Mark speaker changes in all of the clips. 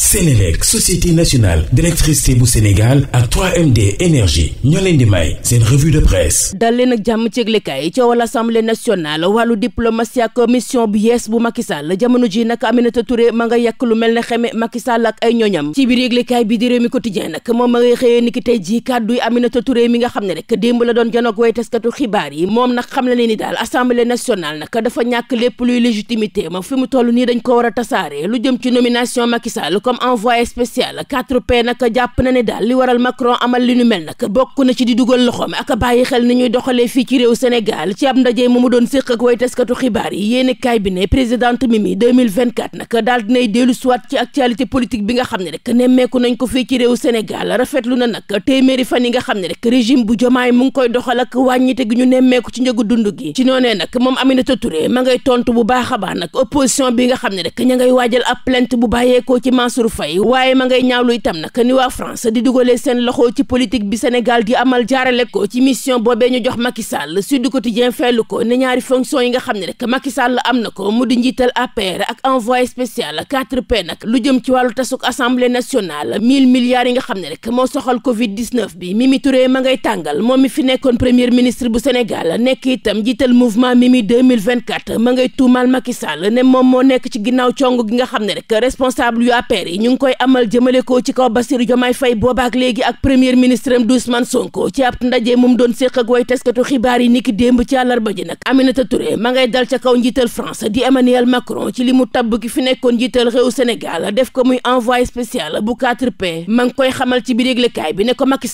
Speaker 1: Sénélec société nationale d'électricité bu Sénégal ak 3MD énergie ñoo leen di may seen revue de presse dal leen ak jàmm ci yëglekaay coowal assemblée nationale wàllu diplomatie ak mission bu yees bu Macky Sall jamono ji nag Aminata Touré ma nga yàq lu mel ne xeme Macky Sall ak ay ñoñam ci biir yëglekaay bi di Rewmi Quotidien nag moom ma ngay xëyee ni ki tey ji kàddu Aminata Touré mi nga xam ne rek démb la doon janoog way taskatu xibaar yi moom nag xam le ni daal assemblée nationale nag dafa ñàkk lépp luy légitimité ma fi mu toll nii dañ ko war a tasaare lu jëm ci nomination Macky comme envoyé spécial 4P nag jàpp na ne daal li waral Macron amal li nu mel nag bokk na ci di dugal loxoom ak bàyyi xel ni ñuy doxalee fii ci réew Sénégal ci ab ndaje mu mu doon séq ak way taskatu xibaar yi yéeni kaay bi ne présidente Mimi 2024 daal dinay dellu soit ci actualité politique bi nga xam ne rek nemmeeku nañ ko fii ci réew Sénégal rafetlu na nag téeméeri fan yi nga xam ne rek régime bu jomaay mu ngi koy doxal ak wàññite a Mansour Faye waaye ma ngay ñaawlu itam nag ni waa France di dugalee seen loxo ci politique bi Sénégal di amal jaarale ko ci mission boobee ñu jox Macky Sall Sud Quotidien fellu ko ne ñaari fonction yi nga xam ne rek Macky Sall am na ko mu di njiital APR ak envoyé spécial 4P nag lu jëm ci wàllu tasuk assemblée nationale 1000 milliards yi nga xam ne rek moo soxal Covid 19 bi Mimi Touré ma ngay tàngal moom mi fi nekkoon premier ministre bu Sénégal weer yi ñu ngi koy amal jëmale ko ci kaw Bassirou Diomaye Faye boobaak léegi ak premier ministre am Ousmane Sonko ci ab ndaje mum doon séq ak way taskatu xibaar yi niki démb ci àllarba ji nag Aminata ma ngay dal ca kaw ci li mu tabb ki nekkoon njiital réew Sénégal def ko muy envoyé spécial bu 4P ma ngi koy xamal ci biir yëglekaay bi ne ko Macky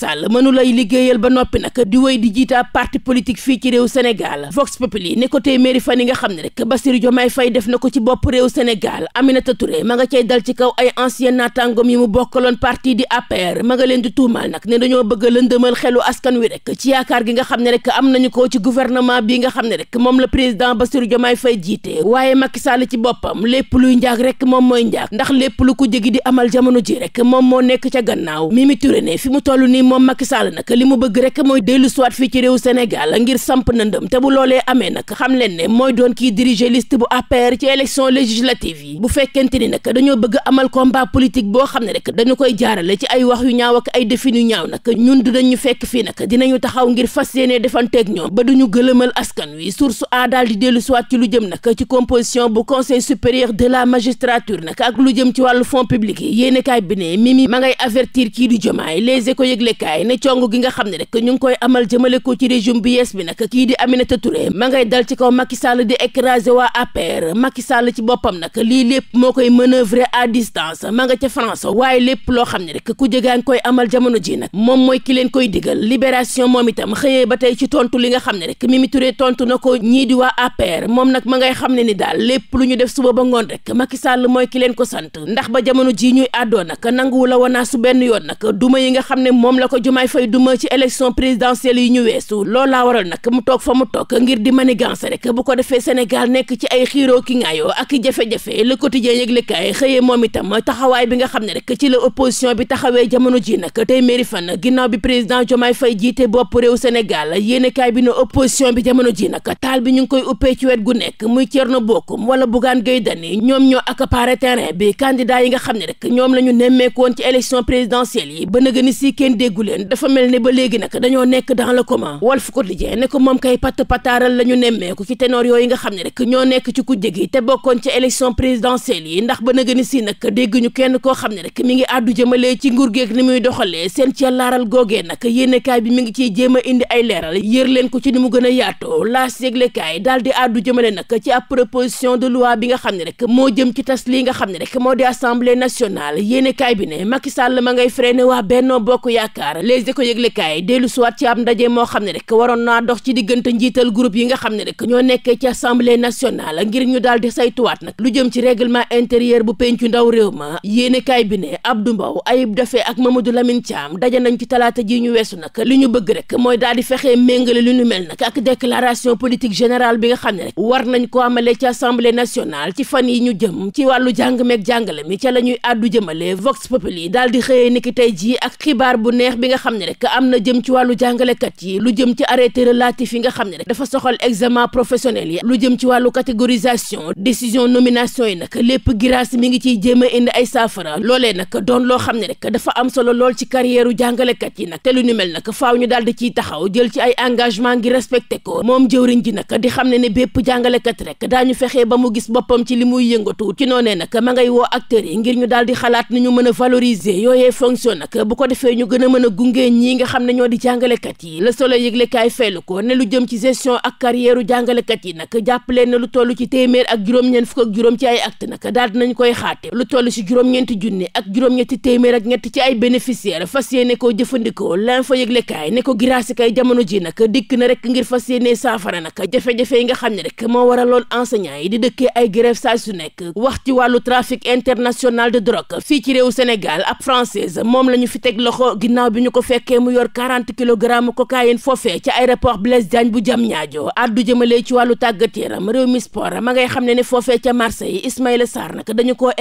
Speaker 1: liggéeyal ba noppi nag di wéy di jiita parti politique fii ci réew Sénégal Vox Populi ne ko téeméeri fan yi nga xam ne rek Bassirou Diomaye Faye def na ko ci bopp réew Sénégal Aminata Touré ma nga dal ci kaw ay ancien naataangoom yi mu bokkaloon parti di APR ma leen di tuumaal nag ne dañoo bëgg lëndëmal xelu askan wi rek ci yaakaar gi nga xam ne rek am nañu ko ci gouvernement bi nga xam ne rek moom la président Bassirou Diomaye Faye jiite waaye Macky Sall ci boppam lépp luy njaag rek moom mooy njaag ndax lépp lu ko jegi di amal jamono ji rek moom moo nekk ca gannaaw Mimi Touré ne fi mu toll nii moom Macky Sall nag li mu bëgg rek mooy dellu soit fii ci réew Sénégal ngir samp nëndëm te bu loolee amee nag xam leen ne mooy doon kiy diriger list bu APR ci élection législative yi bu fekkente ni nag dañoo bëgg amal ko combat politique boo xam ne rek dañu koy jaarale ci ay wax yu ñaaw ak ay defin yu ñaaw nag ñun dinañ ñu fekk fii nag dinañu taxaw ngir fas yéene defanteeg ñoom ba duñu gëlëmal askan wi source a daal di dellu siwaat ci lu jëm nag ci composition bu conseil supérieur de la magistrature nag ak lu jëm ci wàllu fonds public yi yéeni kaay bi ne mimi ma ngay avertir kii di jomaay les éco yëglekaay ne cong gi nga xam ne rek ñu ngi koy amal jëmale ko ci régime bi yees bi nag kii di Aminata Touré ma ngay dal ci kaw Macky Sall di écraser waa APR Macky Sall ci boppam nag lii lépp moo koy manœuvrer à distance France ma nga ca France waaye lépp loo xam ne rek ku jëgaan koy amal jamono ji nag moom mooy ki leen koy digal libération moom itam xëyee ba tey ci tontu li nga xam ne rek Mimi Touré tontu na ko ñii di waa APR moom nag ma ngay xam ne ni daal lépp lu ñu def suba ba ngoon rek Macky Sall mooy ki leen ko sant ndax ba jamono ji ñuy àddoo nag nanguwu la wanaa su benn yoon nag duma yi nga xam ne moom la ko jumaay fay duma ci élection présidentielle yi ñu weesu loolaa waral nag mu toog fa toog ngir di manigance rek bu ko defee Sénégal nekk ci ay xiiroo ki ngaayoo ak jafe-jafe le quotidien yëglekaay xëyee moom itam taxawaay bi nga xam ne rek ci la opposition bi taxawee jamono ji nag tey mairie fan na ginnaaw bi président Diomaye Faye jiite bopp réew Sénégal yéenekaay bi ne opposition bi jamono ji nag taal bi ñu ngi koy uppee ci wet gu nekk muy Thierno Bocoum wala Bougane Gueye Dany ñoom ñoo accaparé terrain bi candidat yi nga xam ne rek ñoom la ñu nemmeeku ci élection présidentielle yi ba naga ni kenn déggu leen dafa mel ni ba léegi nag dañoo nekk dans le commun Walf Quotidien ne ko moom ñu nemmeeku ci ténor yooyu nga xam ne rek ñoo nekk ci kujje gi te bokkoon ci élection yi ndax ba ni si nag dégg dégguñu kenn koo xam ne rek mi ngi àddu jëmale ci nguur geeg ni muy doxalee seen ci laaral googee nag yéenekaay bi mi ngi ciy jéem a indi ay leeral yër leen ko ci ni mu gën a yaatoo laas yëglekaay daal di àddu jëmale nag ci ab proposition de loi bi nga xam ne rek moo jëm ci tas lii nga xam ne rek moo di assemblée nationale yéenekaay bi ne Macky Sall ma ngay ne waa Benno Bokk Yaakaar les éco yëglekaay dellu suwaat ci ab ndaje moo xam ne rek waroon naa dox ci diggante njiital groupe yi nga xam ne rek ñoo nekkee ci assemblée nationale ngir ñu daal di saytuwaat nag lu jëm ci règlement intérieur bu pencu ndaw Adama yéenekaay bi ne Abdou Mbow Ayib Daffé ak Mamadou Lamine Thiam daje nañ ci talaata ji ñu weesu nag li ñu bëgg rek mooy daal fexee méngale li ñu mel nag ak déclaration politique générale bi nga xam ne rek war nañ ko amalee ci assemblée nationale ci fan yi ñu jëm ci wàllu jàng meeg jàngale mi ca la ñuy àddu jëmale Vox Populi daal di xëyee niki tey jii ak xibaar bu neex bi nga xam ne rek am na jëm ci wàllu jàngalekat yi lu jëm ci arrêté relatif yi nga xam ne rek dafa soxal examen professionnel yi lu jëm ci wàllu catégorisation décision nomination yi nag lépp giraas mi ngi ciy ay saafara loolee nag doon loo xam ne rek dafa am solo lool ci carrière jàngalekat yi nag te lu ni mel nag faaw ñu daal di ciy taxaw jël ci ay engagement ngir respecté ko moom jëwriñ ji nag di xam ne ne bépp jàngalekat rek daañu fexe ba mu gis boppam ci li muy yëngatu ci noonee nag ma ngay woo acteurs yi ngir ñu daal di xalaat ni ñu mën a valoriser yooyee fonction nag bu ko defee ñu gën a mën a gunge ñii nga xam ne ñoo di jàngalekat yi Le Soleil yëglekaay faylu ko ne lu jëm ci gestion ak carrière jàngalekat yi nag jàppaleen ne lu toll ci téeméer ak juróom-ñeent fukk ak juróom ci ay acte nag daal dinañ koy xaate lu toll ci juróom-ñeenti junni ak juróom-ñetti téeméer ak ñett ci ay bénéficiaire fas yéene koo jëfandikoo l'info yëglekaay ne ko giraasi kay jamono ji nag dikk na rek ngir fas yéene saafara nag jafe yi nga xam ne rek moo waraloon enseignant yi di dëkkee ay grève saa su nekk wax ci wàllu trafic international de drogue fii ci réew Sénégal ab française moom la ñu fi teg loxo ginnaaw bi ñu ko fekkee mu yor 40 kilogramme cocaïne foofee ci aéroport Blaise Diagne bu Diamniadio addu jëmalee ci wàllu tàggat yaram réew mi sport ma ngay xam ne ne foofee ca Marseille Ismaïla Sarr nag dañu koo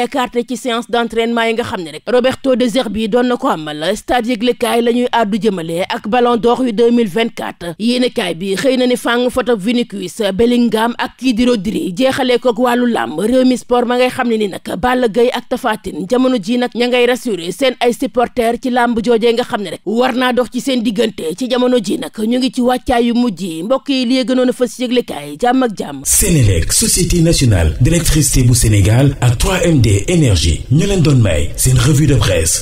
Speaker 1: séance d'entraînement yi nga xam ne rek Roberto De Zerbi doon na ko amal stade yëglekaay la ñuy àddu jëmale ak Ballon d'Or yu 2024 yéenekaay bi xëy na ni fàng foto Vinicius Bellingham ak kii di Rodri jeexalee ko ak wàllu làmb réew mi sport ma ngay xam ne ni nag Balla gay ak Tapha Tine jamono ji nag ña ngay rassuré seen ay supporters ci làmb joojee nga xam ne rek war naa dox ci seen diggante ci jamono ji nag ñu ngi ci wàccaay yu mujj yi mbokk yi li gënoon a fës yëglekaay jàmm ak jàmm Sénélec société nationale d'électricité bu Sénégal ak 3MD énergie yi ñu leen doon may seen revue de presse